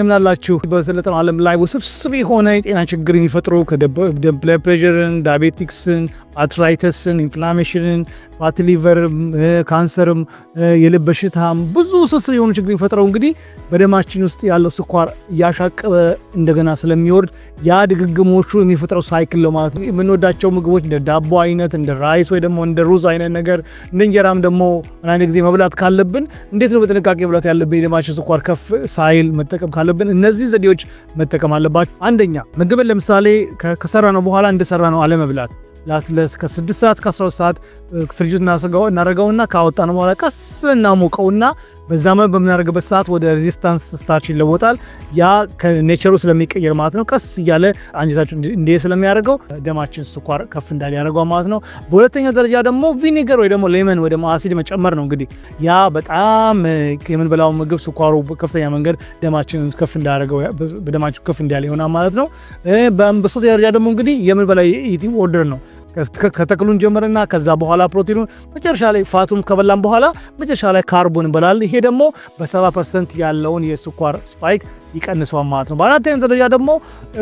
እንደምናላችሁ በሰለጠነው ዓለም ላይ ውስብስብ የሆነ የጤና ችግር የሚፈጥሩ ከደም ፕሬሸርን፣ ዳያቤቲክስን፣ አትራይተስን፣ ኢንፍላሜሽንን፣ ፋትሊቨር፣ ካንሰርም፣ የልብ በሽታም ብዙ ውስብስብ የሆኑ ችግር የሚፈጥረው እንግዲህ በደማችን ውስጥ ያለው ስኳር እያሻቀበ እንደገና ስለሚወርድ ያ ድግግሞቹ የሚፈጥረው ሳይክል ነው ማለት ነው። የምንወዳቸው ምግቦች እንደ ዳቦ አይነት እንደ ራይስ ወይ ደግሞ እንደ ሩዝ አይነት ነገር እንደ እንጀራም ደግሞ አንድ ጊዜ መብላት ካለብን እንዴት ነው በጥንቃቄ መብላት ያለብን የደማችን ስኳር ከፍ ሳይል መጠቀም አለብን። እነዚህ ዘዴዎች መጠቀም አለባቸው። አንደኛ ምግብን ለምሳሌ ከሰራ ነው በኋላ እንደሰራ ነው አለመብላት ለአትለስ ከ6 ሰዓት ከ12 ሰዓት ፍሪጅ እናስርገው እናደርገውና ካወጣ በኋላ ቀስ እናሞቀውና በዛመን በምናደርግበት ሰዓት ወደ ሬዚስታንስ ስታርች ይለወጣል። ያ ከኔቸሩ ስለሚቀየር ማለት ነው። ቀስ እያለ አንጀታችን እንዲ ስለሚያደርገው ደማችን ስኳር ከፍ እንዳለ ያደርገው ማለት ነው። በሁለተኛ ደረጃ ደግሞ ቪኒገር ወይ ደግሞ ሌመን ወይ ደግሞ አሲድ መጨመር ነው። እንግዲህ ያ በጣም የምንበላው ምግብ ስኳሩ ከፍተኛ መንገድ ደማችን ከፍ እንዳደረገው በደማችን ከፍ እንዳለ ይሆናል ማለት ነው። በሶስተኛ ደረጃ ደግሞ እንግዲህ የምንበላው የኢቲንግ ኦርደር ነው። ከተክሉን ጀምርና ከዛ በኋላ ፕሮቲኑን መጨረሻ ላይ ፋቱን ከበላን በኋላ መጨረሻ ላይ ካርቦን እንበላል። ይሄ ደግሞ በ70 ፐርሰንት ያለውን የስኳር ስፓይክ ይቀንሰዋል ማለት ነው። በአራተኛ ደረጃ ደግሞ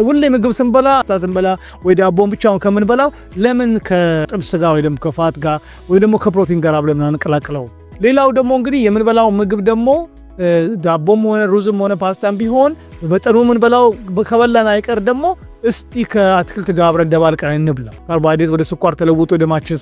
ሁሌ ምግብ ስንበላ ስንበላ ወይ ዳቦን ብቻውን ከምንበላው ለምን ከጥብስ ጋር ወይ ደግሞ ከፋት ጋር ወይ ደግሞ ከፕሮቲን ጋር ብለን አንቀላቅለው። ሌላው ደግሞ እንግዲህ የምንበላው ምግብ ደግሞ ዳቦም ሆነ ሩዝም ሆነ ፓስታም ቢሆን በጠኑ ምንበላው ከበላን አይቀር ደግሞ እስቲ ከአትክልት ጋር አብረን ደባልቀን እንብላ። ካርቦሃይድሬት ወደ ስኳር ተለውጦ ደማችን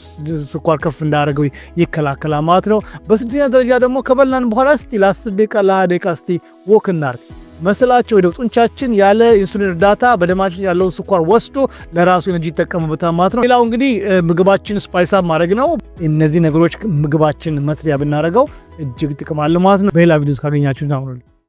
ስኳር ከፍ እንዳደረገው ይከላከላል ማለት ነው። በስድስተኛ ደረጃ ደግሞ ከበላን በኋላ እስቲ ለአስር ደቂቃ ለሃያ ደቂቃ እስቲ ወክ እናርግ መስላቸው ወደ ጡንቻችን ያለ ኢንሱሊን እርዳታ በደማችን ያለውን ስኳር ወስዶ ለራሱ ኤነርጂ ይጠቀምበታል ማለት ነው። ሌላው እንግዲህ ምግባችን ስፓይሳ ማድረግ ነው። እነዚህ ነገሮች ምግባችን መስሪያ ብናደርገው እጅግ ጥቅም አለ ማለት ነው። በሌላ ቪዲዮ ካገኛችሁ